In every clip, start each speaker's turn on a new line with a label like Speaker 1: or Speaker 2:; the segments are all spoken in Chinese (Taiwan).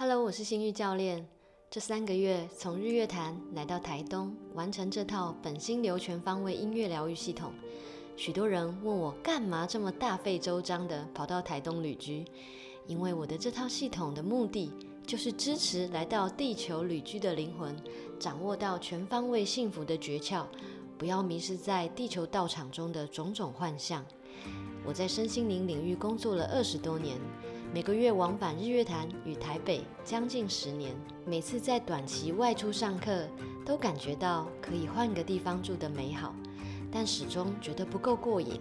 Speaker 1: Hello，我是新玉教練。這三個月從日月潭來到台東，完成這套本心流全方位音樂療愈系統。許多人問我幹嘛這麼大費周章的跑到台東旅居？因為我的這套系統的目的，就是支持來到地球旅居的靈魂，掌握到全方位幸福的訣竅，不要迷失在地球道場中的種種幻象。我在身心靈領域工作了二十多年。每個月往返日月潭與台北將近十年，每次在短期外出上課，都感覺到可以換個地方住的美好，但始終覺得不夠過癮。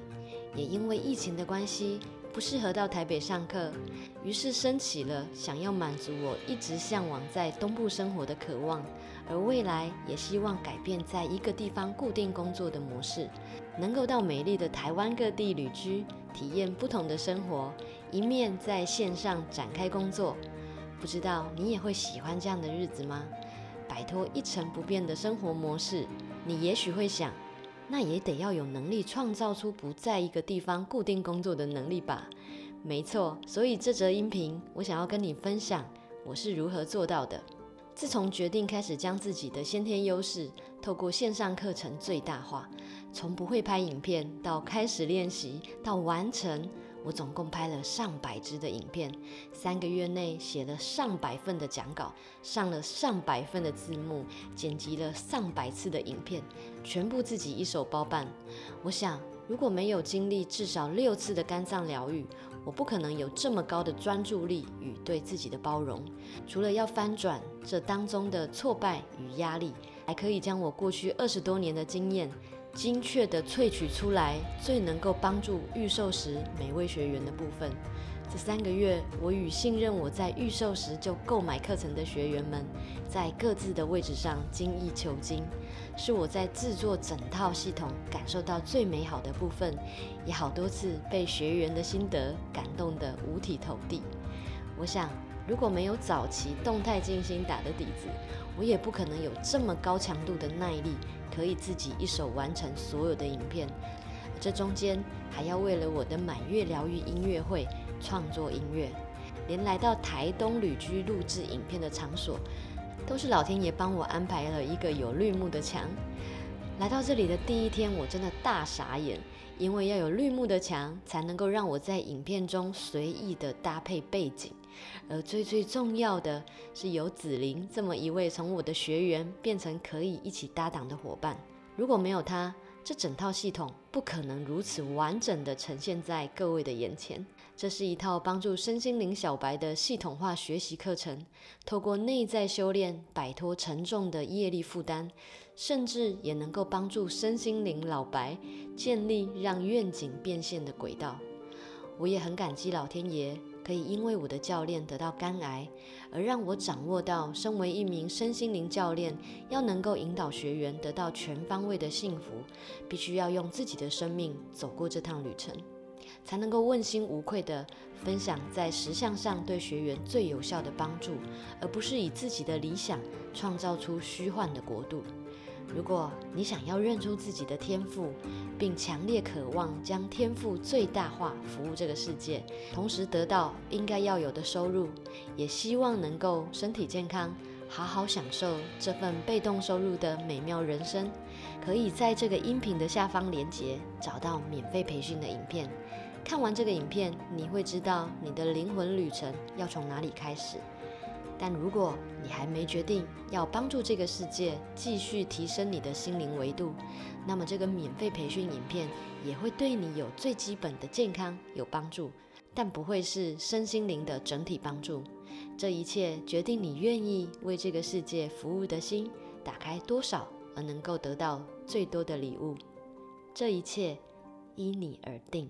Speaker 1: 也因為疫情的關係，不適合到台北上課，於是升起了想要滿足我一直向往在東部生活的渴望，而未來也希望改變在一個地方固定工作的模式，能夠到美麗的台灣各地旅居，體驗不同的生活。一面在線上展開工作，不知道你也會喜歡這樣的日子嗎？擺脫一成不變的生活模式，你也許會想，那也得要有能力創造出不在一個地方固定工作的能力吧？沒錯，所以這則音頻我想要跟你分享我是如何做到的。自從決定開始將自己的先天優勢透過線上課程最大化，從不會拍影片到開始練習到完成。我總共拍了上百支的影片，三個月內寫了上百份的講稿，上了上百份的字幕，剪輯了上百次的影片，全部自己一手包辦。我想，如果沒有經歷至少六次的肝臟療癒，我不可能有這麼高的專注力與對自己的包容。除了要翻轉這當中的挫敗與壓力，還可以將我過去二十多年的經驗。精確地萃取出來，最能夠幫助預售時每位學員的部分。這三個月，我與信任我在預售時就購買課程的學員們，在各自的位置上精益求精，是我在制作整套系統感受到最美好的部分，也好多次被學員的心得感動得五體投地。我想，如果沒有早期動態靜心打的底子，我也不可能有這麼高強度的耐力，可以自己一手完成所有的影片。這中間還要為了我的滿月療癒音樂會創作音樂，連來到台東旅居錄制影片的場所，都是老天爺幫我安排了一個有綠幕的牆。來到這裡的第一天，我真的大傻眼，因為要有綠幕的牆，才能夠讓我在影片中隨意的搭配背景。而最最重要的是，有紫菱這麼一位從我的學員變成可以一起搭檔的夥伴。如果沒有她，這整套系統不可能如此完整地呈現在各位的眼前。這是一套幫助身心靈小白的系統化學習課程，透過內在修煉擺脫沉重的業力負擔，甚至也能夠幫助身心靈老白建立讓願景變現的軌道。我也很感激老天爺。可以因為我的教練得到肝癌，而讓我掌握到，身為一名身心靈教練，要能夠引導學員得到全方位的幸福，必須要用自己的生命走過這趟旅程，才能夠問心無愧地分享在實相上對學員最有效的幫助，而不是以自己的理想創造出虛幻的國度。如果你想要認出自己的天賦，並強烈渴望將天賦最大化服務這個世界，同時得到應該要有的收入，也希望能夠身體健康，好好享受這份被動收入的美妙人生。可以在這個音頻的下方鏈接找到免費培訓的影片。看完這個影片，你會知道你的靈魂旅程要從哪裡開始。但如果你還沒決定要幫助這個世界，繼續提升你的心靈維度，那麼這個免費培訓影片也會對你有最基本的健康有幫助，但不會是身心靈的整體幫助。這一切決定你願意為這個世界服務的心打開多少，而能夠得到最多的禮物。這一切依你而定。